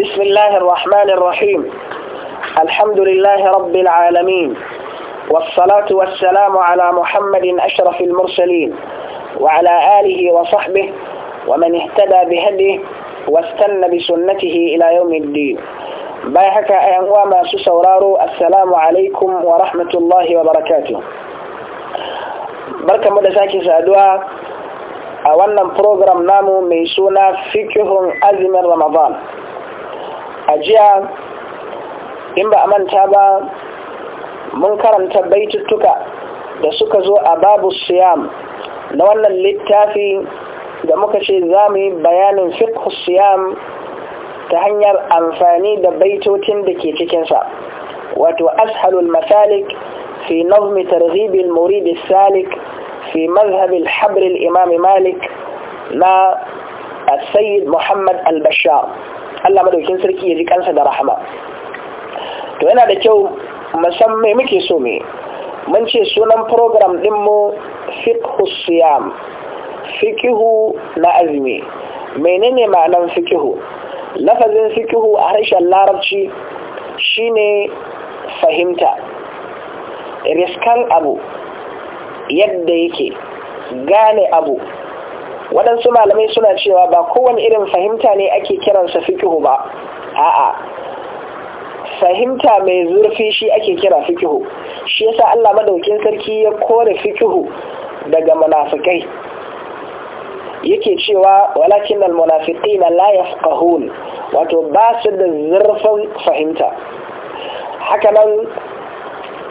بسم الله الرحمن الرحيم الحمد لله رب العالمين والصلاة والسلام على محمد أشرف المرسلين وعلى آله وصحبه ومن اهتدى بهديه واستنى بسنته إلى يوم الدين بايحك أيام ما السلام عليكم ورحمة الله وبركاته بركة مدساكي سأدوى أولا برنامج نامو ميسونا فكه أزم رمضان a jiya in ba a manta ba mun karanta baituttuka da suka zo a babu siyam na wannan littafi da muka ce za mu yi bayanin fiqh siyam ta hanyar amfani da baitotin da ke cikinsa wato ashalul masalik fi nazmi targhibil murid salik fi mazhab Habril habr imam malik na السيد محمد البشار Allah madaukin sarki ya ji kansa da rahama to yana da kyau me muke so me mun ce sunan program din mu fiqhu siyam fiqhu na azumi menene ma'anar fiqhu lafazin fiqhu a harshen larabci shine fahimta riskan abu yadda yake gane abu waɗansu malamai suna cewa ba kowane irin fahimta ne ake kiransa fikihu ba a'a fahimta mai zurfi shi ake kira fikihu shi yasa Allah madaukin sarki ya kore fikihu daga munafikai yake cewa walakin almunafiqina la yafqahun wato ba su da zurfin fahimta Haka nan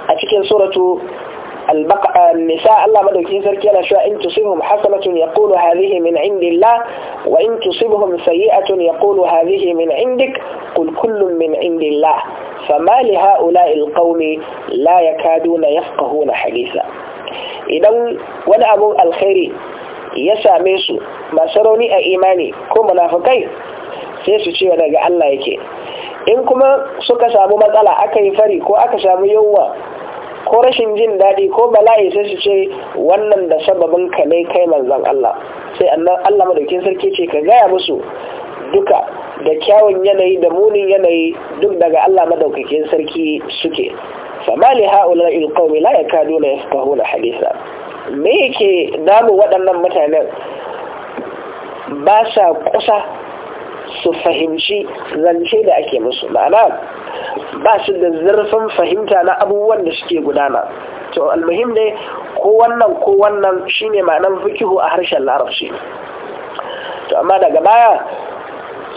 a cikin suratu النساء الله مدوكين سركينا شو إن تصيبهم حسنة يقول هذه من عند الله وإن تصيبهم سيئة يقول هذه من عندك قل كل من عند الله فما لهؤلاء القوم لا يكادون يفقهون حديثا idan wani abun alkhairi ya same su masu rauni a imani ko munafukai sai su ce daga Allah yake in kuma suka samu matsala aka yi fari ko aka samu yawwa ko rashin jin daɗi ko bala'i sai su ce wannan da sababin ka ne kai manzan Allah sai Allah madaukin sarki ce ka gaya musu duka da kyawun yanayi da munin yanayi duk daga Allah madaukakin sarki suke famali ha'ula ilqawmi la yakaduna yafqahuna hadisa me yake damu waɗannan mutanen ba sa kusa su fahimci zance da ake musu ma'ana ba su da zurfin fahimta na abubuwan da suke gudana to almuhim ne ko wannan ko wannan shine ma'anar fikihu a harshen larabci to amma daga baya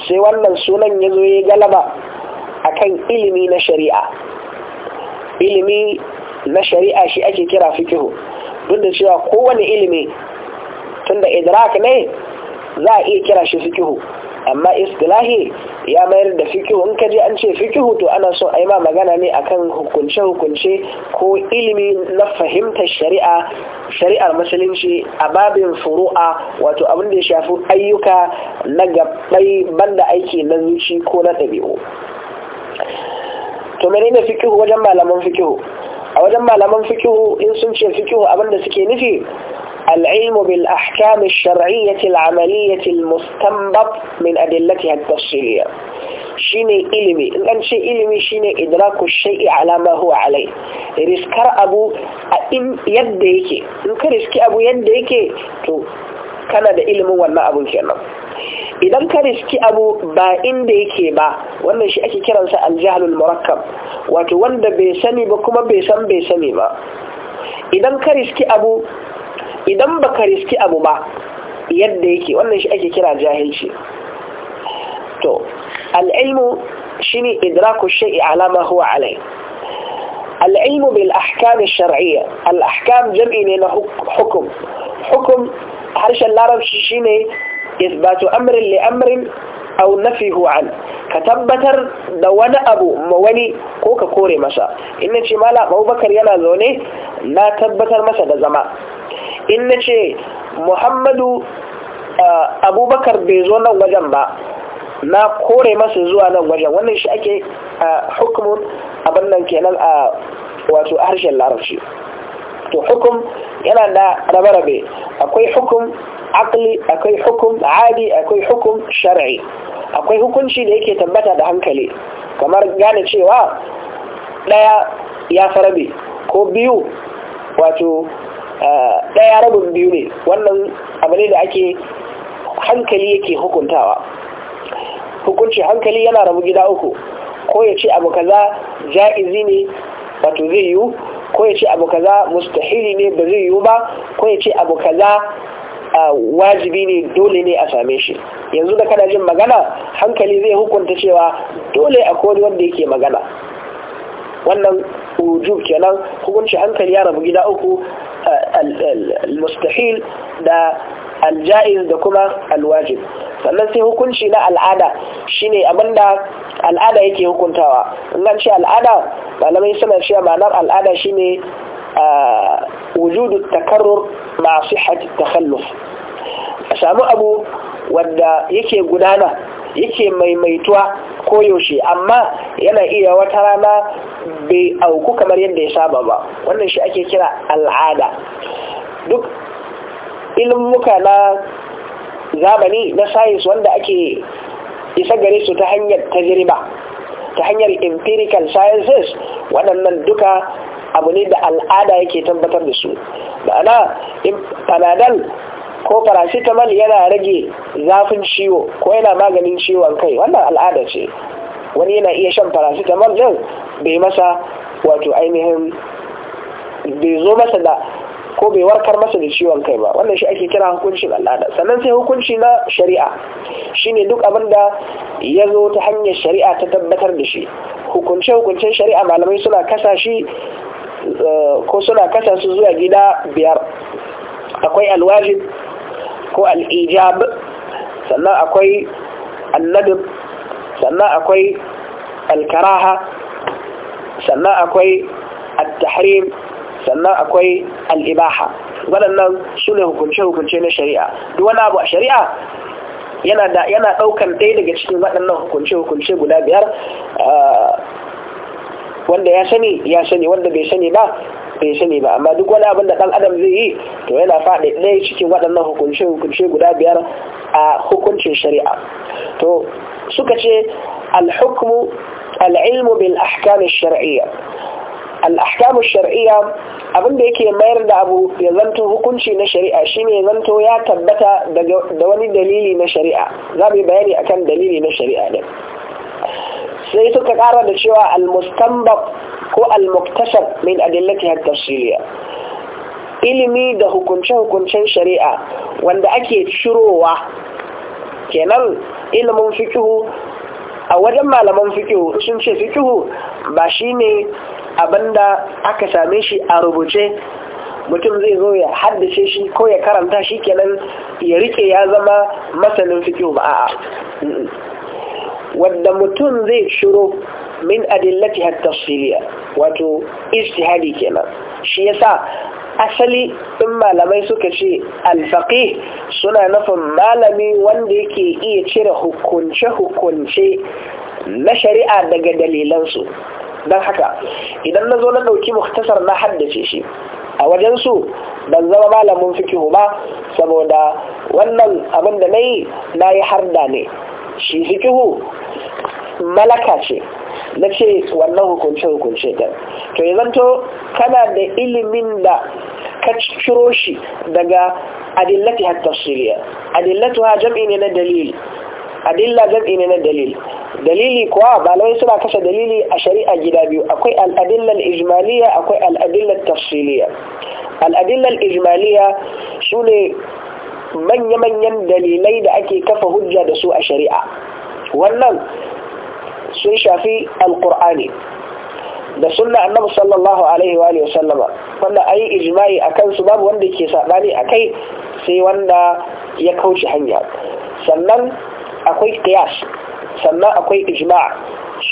sai wannan sunan ya zo ya galaba kan ilimi na shari'a ilimi na shari'a shi ake kira fikihu duk da cewa kowane ilimi tunda idrak ne za a iya kira shi fikihu amma istilahi ya mayar da fikihu in je an ce fikihu to ana so a ma magana ne akan hukunce-hukunce ko ilimi na fahimtar shari'a shari'ar musulunci a babin furu'a wato abin da ya shafi ayyuka na gabbai banda aiki na zuci ko na ɗabi'u to menene fikihu wajen malaman fikihu a wajen malaman fikihu in sun ce fikihu abin da suke nufi العلم بالأحكام الشرعية العملية المستنبط من أدلتها التفصيلية شيني إلمي إن شيء إلمي شيني إدراك الشيء على ما هو عليه رسكر أبو إن يديك إن كرسك أبو يديك تو كان ده إلم وما أبو كنا idan كرسك أبو با إن ديك با وانا شيء أكي كران kiransa aljahalul murakkab wato wanda bai sani ba kuma bai san bai sani idan ba ka riski abu ba yadda yake wannan shi ake kira jahilci to al’ilmu shi ne idraku shi alama huwa alai al’ilmu bil ahkam shari'a al’ahkam jam’i ne na hukum hukum harshen larabci shi ne isbatu amrin li amrin au nafi hu’an ka tabbatar da wani abu ma wani ko ka kore masa inna ce mala abubakar yana zaune na tabbatar masa da zama in na ce muhammadu abubakar bai zo nan wajen ba na kore masu zuwa nan wajen wannan shi ake hukumun abin nan kenan a wato harshen larabci to hukum yana da rabe-rabe akwai hukum akli akwai hukum adi akwai hukum shari'i akwai hukunci da yake tabbata da hankali kamar gane cewa daya ya farabe ko biyu wato ɗaya rabin biyu ne wannan abu ne da ake hankali yake hukuntawa hukunci hankali yana rabu gida uku ko ya ce abu kaza ja'izi ne wato zai yiwu ko ya ce abu kaza mustahili ne ba zai yiwu ba ko ya ce abu kaza wajibi ne dole ne a same shi yanzu da kana jin magana hankali zai hukunta cewa dole a kori wanda yake magana wannan ujub kenan hukunci hankali ya rabu gida uku المستحيل mustahil da دا كما da kuma alwajib sannan sai hukunci na al'ada shine abinda al'ada yake hukuntawa in ce al'ada malamai suna cewa ma'anar al'ada shine wujudu takarrur masu ta takhalluf a samu abu wadda yake gudana yake maimaituwa koyaushe amma yana iya wata rana bai auku kamar yadda ya saba ba wannan shi ake kira al'ada duk ilmuka na zamani na science wanda ake isa gare su ta hanyar tajriba ta hanyar empirical sciences waɗannan duka abu ne da al'ada yake tabbatar da su ma'ana fanadal. ko paracetamol yana rage zafin ciwo ko yana maganin ciwon kai wannan al'ada ce wani yana iya shan paracetamol din bai masa wato ainihin bai zo masa da ko bai warkar masa da ciwon kai ba wannan shi ake kira hukuncin al'ada sannan sai hukunci na shari'a shine duk abin da ya zo ta hanyar shari'a ta tabbatar da shi hukunce hukuncen shari'a malamai suna kasa shi eh, ko suna kasa su zuwa gida biyar akwai alwajib ko al'ijab sannan akwai annadib sannan akwai alkaraha sannan akwai attahrim sannan akwai al'ibaha waɗannan su ne hukunce-hukunce na shari'a duk wani abu a shari'a yana ɗaukan ɗaya daga cikin waɗannan hukunce-hukunce guda biyar ah, wanda ya sani ya sani wanda bai sani ba kai shi ne ba amma duk wani abin da ɗan adam zai yi to yana faɗi ɗaya cikin waɗannan hukunce hukunce guda biyar a hukuncin shari'a to suka ce alhukmu al'ilmu bil ahkam shar'iyya al'ahkam shar'iyya abin da yake mayar da abu ya zanto hukunci na shari'a shine ya zanto ya tabbata da wani dalili na shari'a za mu yi bayani akan dalili na shari'a ne sai suka kara da cewa al-mustanbat ko al muktashaf min adillatiha tafsiliya ilimi da hukunce-hukuncen shari'a wanda ake shirowa kenan ilimin fikihu a wajen malaman fikihu sun ce fikihu ba shine abinda aka same shi a rubuce mutum zai zo ya haddace shi ko ya karanta shi kenan ya rike ya zama masanin fikihu ba a'a wanda mutum zai shiro min adillatiha tafsiliya wato ijtihadi kenan shi yasa asali in malamai suka ce alfakih suna nufin malami wanda yake iya cire hukunce-hukunce na shari'a daga dalilansu don haka idan na zo na ɗauki muktasar na haddace shi a wajen su ban zama malamin fikihu ba saboda wannan abin da na yi na yi harda ne shi fikihu malaka ce na ce wannan hukunce-hukunce ɗin to yi zanto kana da ilimin da ka ciro shi daga adillati hatta tafsiriya adillatu ha jam'i ne na dalil adilla jam'i ne na dalil dalili kuwa malamai suna kashe dalili a shari'a gida biyu akwai al'adillar ijmaliya akwai al'adillar tafsiliya al'adillar ijmaliya su ne manya-manyan dalilai da ake kafa hujja da su a shari'a wannan sun shafi alkur'ani da suna annabi sallallahu alaihi wa sallama wanda ayi ijma'i a kansu babu wanda ke sabani kai sai wanda ya kauce hanya sannan akwai kiyas sannan akwai ijima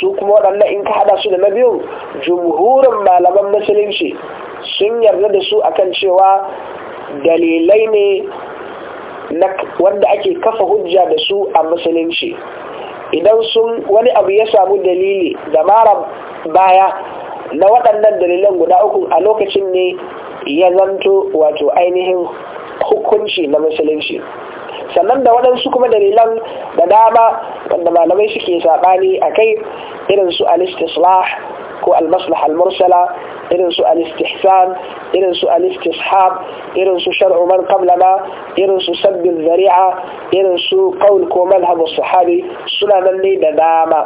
su kuma waɗannan in ka hada su da na biyu jumhurin malaman musulunci sun yarda da su akan cewa dalilai ne wanda ake kafa hujja da su a musulunci idan sun wani abu ya samu dalili da mara baya na waɗannan dalilan guda uku a lokacin ne ya zanto wato ainihin hukunci na musulunci sannan da waɗansu kuma dalilan da dama wanda malamai suke saɓani a kai irin su alistislah ko almaslaha almursala irin su al-istihsan irin su al-istishab irin su shar'u man qablana irin su sabbin zari'a irin su qaul ko madhhabu sahabi suna nan ne da dama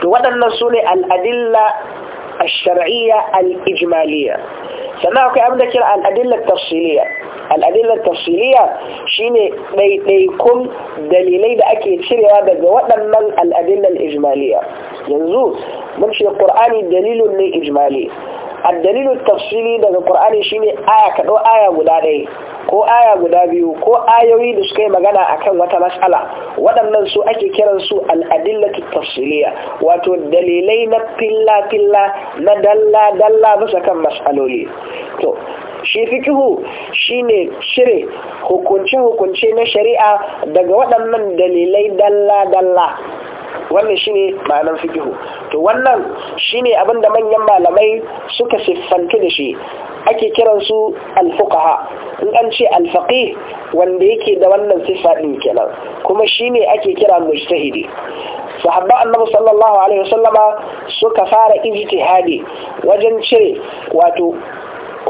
to waɗannan su ne al-adilla الشرعية الإجمالية sannan akwai abin da kira al'adillar tafsiliya al'adillar tafsiliya shine ɗaiɗaikun dalilai da ake cirewa daga waɗannan al'adillar ijmaliya yanzu mun ce qur'ani dalilun ne ijmali addalilu tafsili daga qur'ani shine aya ka dau aya guda ɗaya ko aya guda biyu ko ayoyi da suka yi magana akan wata mas'ala waɗannan su ake kiran su al'adillatu tafsiliya wato dalilai na filla filla na dalla dalla bisa kan mas'aloli to shi fikihu shine shire hukunce hukunce na shari'a daga waɗannan dalilai dalla dalla wannan shine ma'anar fikihu to wannan shine abin da manyan malamai suka siffantu da shi ake kiransu alfukaha in an ce alfaqih wanda yake da wannan siffa din kenan kuma shine ake kira mujtahidi sahabba annabi sallallahu alaihi wasallama suka fara ijtihadi wajen ce wato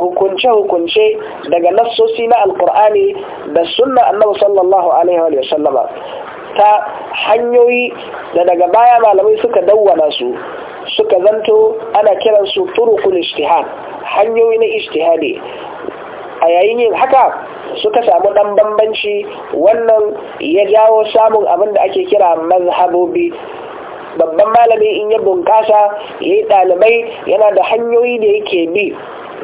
hukunce-hukunce daga nassosi na alkur'ani da sunna annabi sallallahu alaihi wa sallama ta hanyoyi da daga baya malamai suka dawwana su suka zanto ana kiransu turukul ijtihad hanyoyi na ijtihadi a yayin yin haka suka samu dan bambanci wannan ya jawo samun abin da ake kira mazhabobi babban malami in ya bunkasa ya yi ɗalibai yana da hanyoyi da yake bi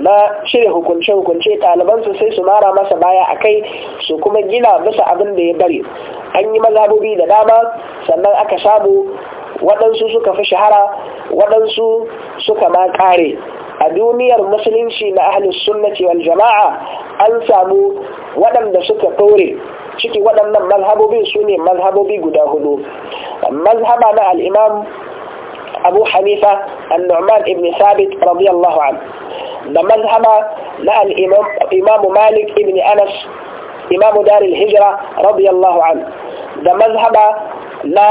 na shirya hukunce-hukunce ɗalibansu sai su mara masa baya a kai su kuma gina masa abin da ya bari an yi mazhabobi da dama sannan aka samu waɗansu suka fi shahara waɗansu suka ma ƙare a duniyar musulunci na ahalus sunnati wal jama'a an samu waɗanda suka kore ciki waɗannan mazhabobin su ne mazhabobi guda hudu mazhaba na al'imam abu hanifa annu'man ibn sabit radiyallahu an da mazhaba na al-imam Malik ibn Anas imam dar al-hijra radiyallahu an da mazhaba na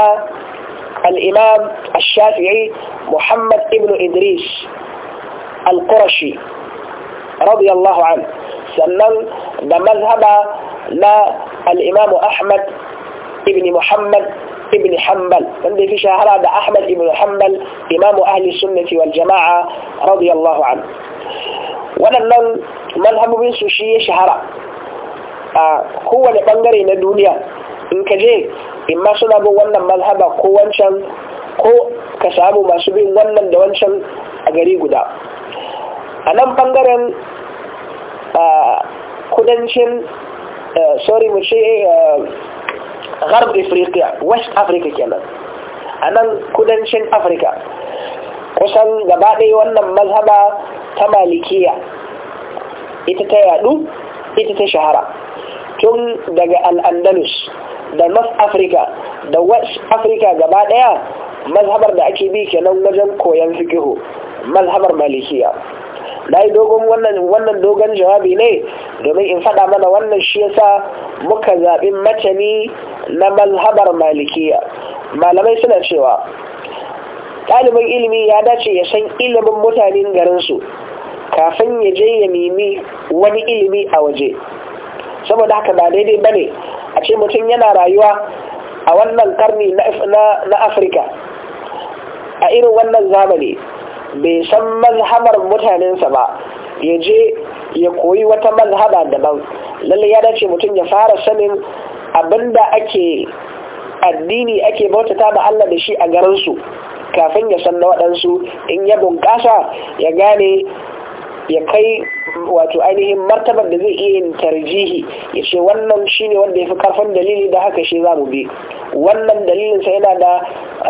al-imam ash-Shafi'i Muhammad ibn Idris al-Qurashi radiyallahu an sannan da mazhaba na al-imam Ahmad ibn Muhammad ابن حنبل عندي في شهر هذا أحمد بن حنبل إمام أهل السنة والجماعة رضي الله عنه waɗannan malhamominsu shi ya shahara a kowane ɓangare na duniya in ka je in ma suna bin wannan malhaba ko wancan ko ka samu masu bin wannan da wancan a gari guda a nan ɓangaren kudancin sorry mu ce gharb afirka west africa kenan a nan kudancin afirka kusan gaba ɗaya wannan mazhaba ta malikiya ita ta yadu ita ta shahara tun daga al'andalus da north africa da west africa gaba daya mazhabar da ake bi kenan wajen koyon fikihu mazhabar malikiya na yi dogon wannan dogon jawabi ne domin in faɗa mana wannan shi yasa muka zaɓi matani na mazhabar malikiya malamai suna cewa ɗalibin ilimi ya dace ya san ilimin mutanen garinsu kafin ya je ya nemi wani ilimi a waje saboda haka ba daidai bane a ce mutum yana rayuwa a wannan karni na afirka a irin wannan zamani bai san mazhabar mutanensa ba ya je ya koyi wata mazhaba daban lalle ya dace mutum ya fara sanin abinda ake addini ake bautata da Allah da shi a garinsu kafin ya san na waɗansu in ya bunƙasa ya gane ya kai wato ainihin martabar da zai iya yin tarjihi ya ce wannan shine wanda ya fi karfin dalili da haka shi za mu bi wannan dalilinsa yana da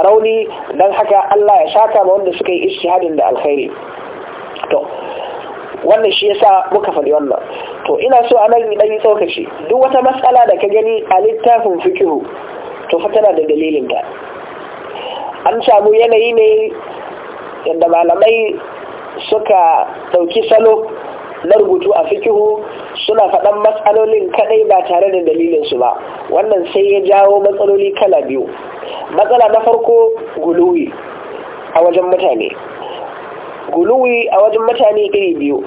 rauni don haka Allah ya saka ma wanda suka yi istihadin da alkhairi to wannan shi yasa muka faɗi wannan to ina so a nan yi tsokaci duk wata matsala da ka gani a littafin fikihu to fa tana da dalilinta an samu yanayi ne yadda malamai suka ɗauki salo na rubutu a fikihu suna faɗan matsalolin kaɗai ba tare da dalilinsu ba wannan sai ya jawo matsaloli kala biyu matsala na farko guluwi a wajen mutane guluwi a wajen mutane iri biyu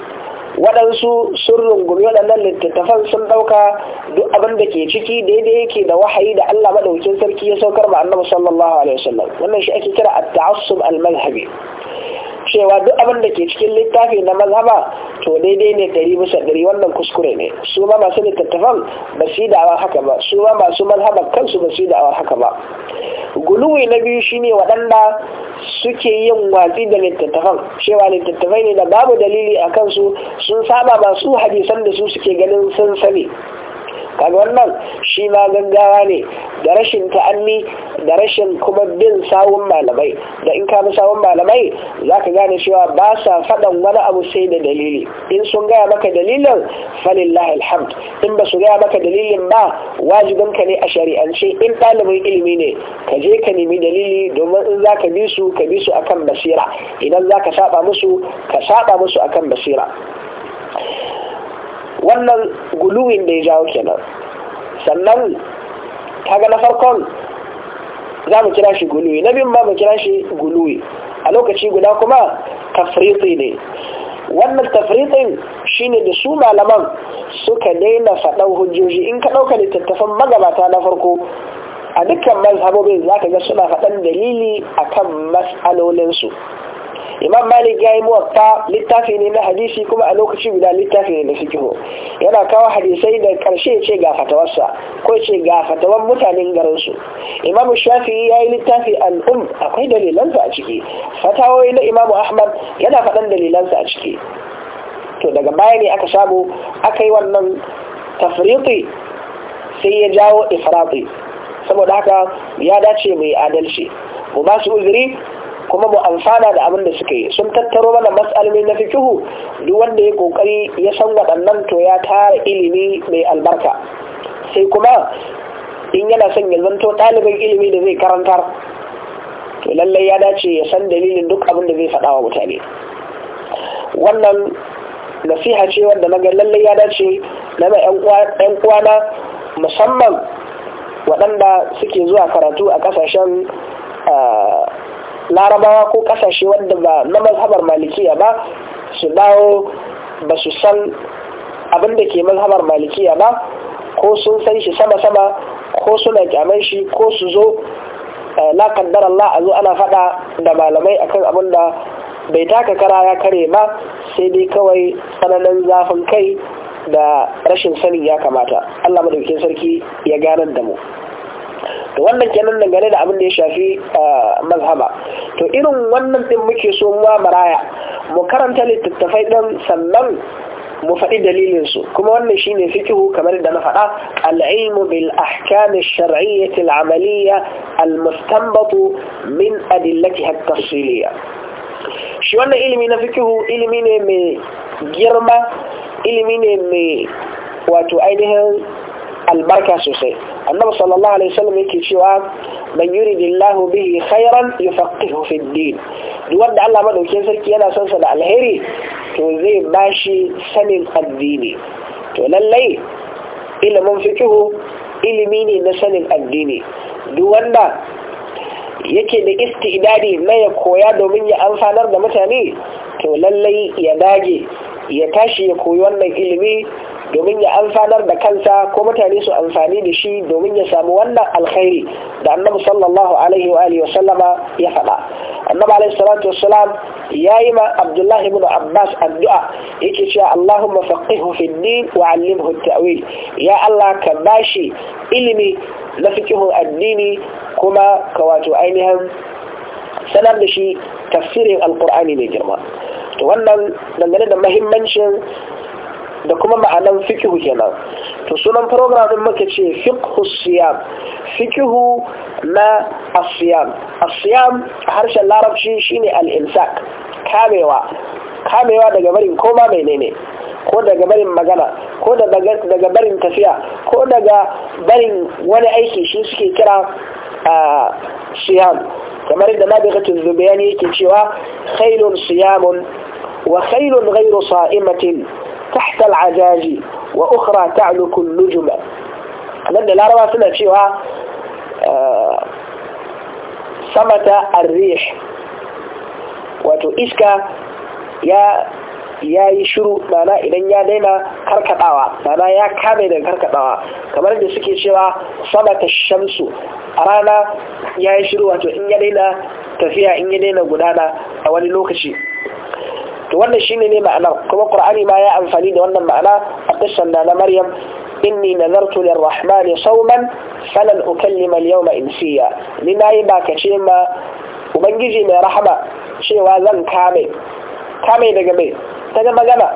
waɗansu sun rungumi waɗannan littattafan sun ɗauka duk abin da ke ciki daidai yake da wahayi da Allah maɗaukin sarki ya saukar ba annabi sallallahu alaihi wasallam wannan shi ake kira at-ta'assub al-mazhabi cewa duk abin da ke cikin littafi na mazhaba to daidai ne dari bisa dari wannan kuskure ne su ma masu littattafan ba su da'awa haka ba su ma masu mazhaban kansu ba su da'awa haka ba guluwi na biyu shine waɗanda suke yin watsi da littattafan cewa littattafai ne da babu dalili a kansu sun saba masu hadisan da su suke ganin sun sani kaga wannan shi ma gaggawa ne da rashin ta'anni da rashin kuma bin sawun malamai da in ka bi sawun malamai za ka gane cewa ba sa faɗan wani abu sai da dalili in sun gaya maka dalilin falillahi alhamd in ba su gaya maka dalilin ba wajibin ka ne a shari'ance in ɗalibin ilimi ne ka je ka nemi dalili domin in za ka bi su ka bi su akan basira idan za ka saba musu ka saba musu akan basira wannan guluwin da ya jawo kenan sannan kaga na farkon za mu kira shi guluwi na biyun ba mu kira shi guluwi a lokaci guda kuma tafriti ne wannan tafritin ne da su malaman suka daina faɗan hujjoji in ka ɗauka littattafan magabata na farko a dukkan mazhabobin za ka ga suna faɗan dalili a kan mas'alolinsu imam malik ya yi muwatta littafi ne na hadisi kuma a lokaci guda littafi ne na fikihu yana kawo hadisai da karshe ce ga fatawarsa ko ce ga fatawan mutanen garinsu imam shafi ya yi littafi al'um akwai dalilansa a ciki fatawoyi na imam ahmad yana faɗan dalilansa a ciki to daga baya ne aka samu aka yi wannan tafriqi sai ya jawo ifrati saboda haka ya dace mai adalci mu ba su uzuri kuma mu amfana da abin da suka yi sun tattaro mana matsalolin na fikihu duk wanda ya kokari ya san waɗannan to ya tara ilimi mai albarka sai kuma in yana son ya zanto ɗalibin ilimi da zai karantar to lallai ya dace ya san dalilin duk abin da zai faɗa wa mutane wannan nasiha ce wanda na ga lallai ya dace na ma 'yan uwana musamman waɗanda suke zuwa karatu a ƙasashen ah, larabawa ko kasashe wanda ba na mazhabar malikiya ba su dawo ba su san abinda ke mazhabar malikiya ba ko sun san shi sama-sama ko suna kyaman shi ko su zo eh, la kaddar Allah a zo ana faɗa da malamai akan abin da bai taka kara ya kare ba sai dai kawai tsananin zafin kai da rashin sani ya kamata Allah madaukin sarki ya ganar da mu to wannan kenan gane da abin da ya shafi mazhaba to irin wannan din muke so mu maraya mu karanta littattafai din sannan mu faɗi su kuma wannan shine ne fikihu kamar da na faɗa ilmu bil ahkami shar'iyyati amaliyya al-mustanbatu min adillati at-tafsiliyya shi wannan ilimi na fikihu ilimi ne mai girma ilimi ne mai wato ainihin albarka sosai annabi sallallahu alaihi wasallam yake cewa man yuridillahu bihi khairan yufaqihu fi din duk wanda Allah madauke sarki yana son sa da alheri to zai bashi sanin addini to lallai ilimin fikihu ilimi ne na sanin addini duk wanda yake da istidadi na ya koya domin ya amfanar da mutane to lallai ya dage ya tashi ya koyi wannan ilimi domin ya amfanar da kansa ko mutane su amfani da shi domin ya samu wannan alkhairi da annabi sallallahu alaihi wa alihi wasallama ya faɗa annabi alaihi salatu wassalam yayi ma abdullahi ibn abbas addu'a yake cewa allahumma faqihu fi din wa 'allimhu at-ta'wil ya allah ka bashi ilimi na addini kuma ka wato ainihin sanar da shi tafsirin alqur'ani mai girma to wannan dangane da mahimmancin da kuma ma'anan fikihu kenan to sunan program din muka ce fiqhu siyam fikihu na asiyam asiyam harshen larabci shine al-imsak kamewa kamewa daga barin koma menene ko daga barin magana ko daga barin tafiya ko daga barin wani aiki shi suke kira a siyam kamar da nabigatun zubayani yake cewa khailun siyamun wa khailun ghayru sa'imatin تحت العجاج وأخرى تعلك اللجم nan da laraba suna cewa samata arrish wato iska ya yi shiru mana idan ya daina karkadawa mana ya kame da karkadawa kamar da suke cewa samata shamsu a rana ya yi shiru wato in ya daina tafiya in ya daina gudana a wani lokaci to wannan shine ne ma'anar kuma qur'ani ma ya amfani da wannan ma'ana a da na maryam inni nazartu lirrahman sawman falan ukallima alyawma insiya ni nayi ce ma ubangiji mai rahama cewa zan kame kame daga mai ta ga magana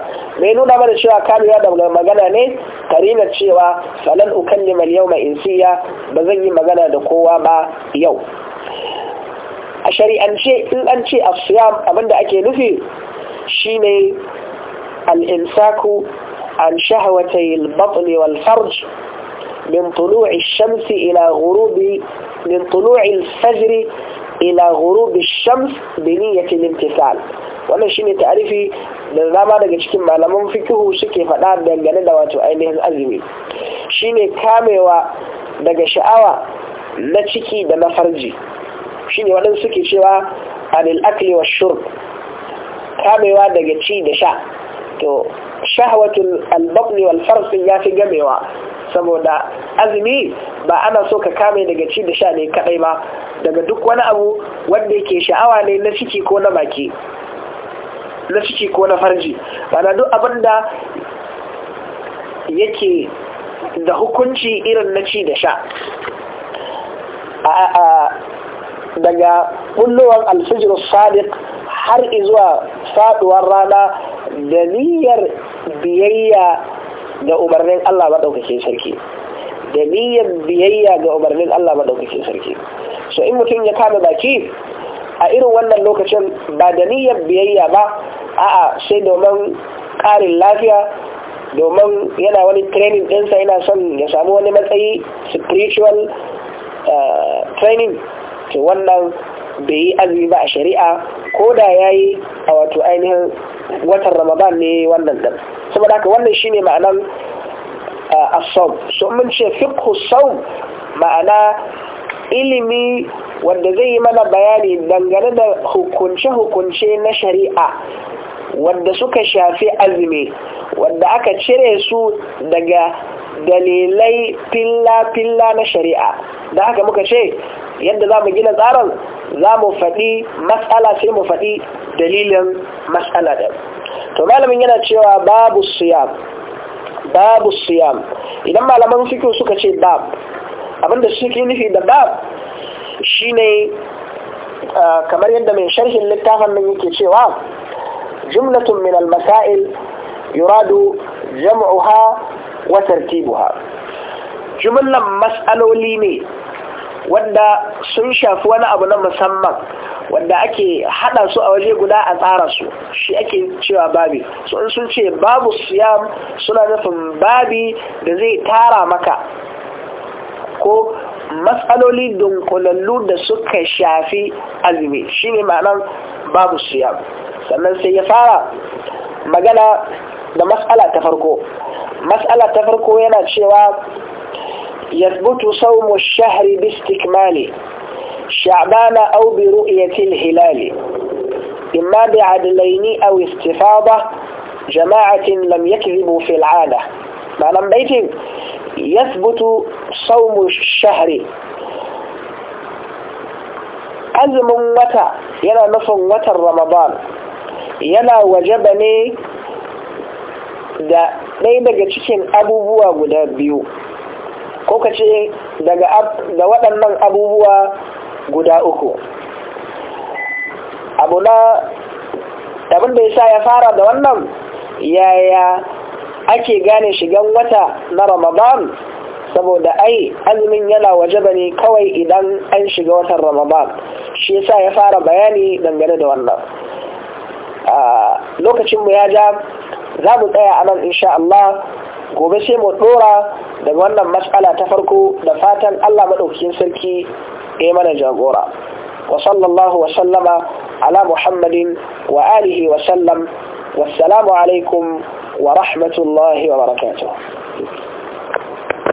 mai nuna mana cewa kamewa daga magana ne karinar cewa falan ukallima alyawma insiya ba zan yi magana da kowa ba yau a shari'ance in an ce asiyam abinda ake nufi shine al-imsaku an shahawata al batuli wal farj min tulu'i Shamsi ila Gurubi, min tulu'i al ila shams bi ya al-imtisal wannan shine ta'arifi da zama daga cikin malaman fikihu suke faɗa dangane da wato ainihin azumi shine kamewa daga sha'awa na ciki da na farji shine waɗansu suke cewa anil akli wa shurk kamewa daga ci da sha to shahwatul albabni wal ya fi gamewa saboda azumi ba ana so ka kame daga ci da sha ne kadai ba daga duk wani abu wanda yake sha'awa ne na ciki ko na baki na ciki ko na farji bana duk abin da yake da hukunci irin na ci da sha daga kullowar alfijir sadiq har izuwa faduwar rana da niyyar biyayya ga umarnin Allah maɗaukakin sarki da niyyar biyayya ga umarnin Allah maɗaukakin sarki so in mutum ya kama baki a irin wannan lokacin ba da niyyar biyayya ba a'a sai domin ƙarin lafiya domin yana wani training ɗinsa yana son ya samu wani matsayi spiritual eh, training to wannan bai yi azumi ba a shari'a ko da ya yi a wato ainihin watan ramadan ne wannan ɗan saboda haka wannan shine ma'anan asom so mun ce fiqhu saum ma'ana ilimi wanda zai yi mana bayani dangane da hukunce-hukunce na shari'a wadda suka shafi azumi wadda aka cire su daga dalilai filla-filla na shari'a da haka muka ce yadda za mu gina tsarin za mu faɗi matsala sai mu faɗi dalilin matsala ɗin to malamin yana cewa babu siyam babu siyam idan malaman fikin suka ce bab abinda suke nufi da bab shine kamar yadda mai sharhin littafin nan yake cewa jumlatun min al-masail yuradu jam'uha wa tartibuha jumlan mas'aloli ne wanda sun shafi wani abu na musamman wanda ake hada su a waje guda a tsara su shi ake cewa babi in sun ce babu siyam suna nufin babi da zai tara maka ko matsaloli dunkulallu da suka shafi azumi shi ne ma'anar babu siyam sannan sai ya fara magana da matsala ta farko matsala ta farko yana cewa يثبت صوم الشهر باستكمال شعبان أو برؤية الهلال إما بعدلين أو استفاضة جماعة لم يكذبوا في العادة معنى بيت يثبت صوم الشهر أزم وتا ينا نصم وتا رمضان ينا وجبني da ɗaya تشكين أبو بوا guda biyu ko ka ce da waɗannan abubuwa guda uku abu na abin da ya sa ya fara da wannan yaya ake gane shigan wata na ramadan saboda ai azumin yana waje ba ne kawai idan an shiga watan ramadan shi yasa ya fara bayani dangane da wannan Lokacinmu ya ja za mu tsaya a nan insha'allah gobe sai mu ɗora. daga wannan mas'ala ta farko da fatan Allah madaukakin sarki ya mana jagora wa sallallahu wa sallama ala muhammadin wa alihi wa sallam wassalamu alaikum wa rahmatullahi wa barakatuh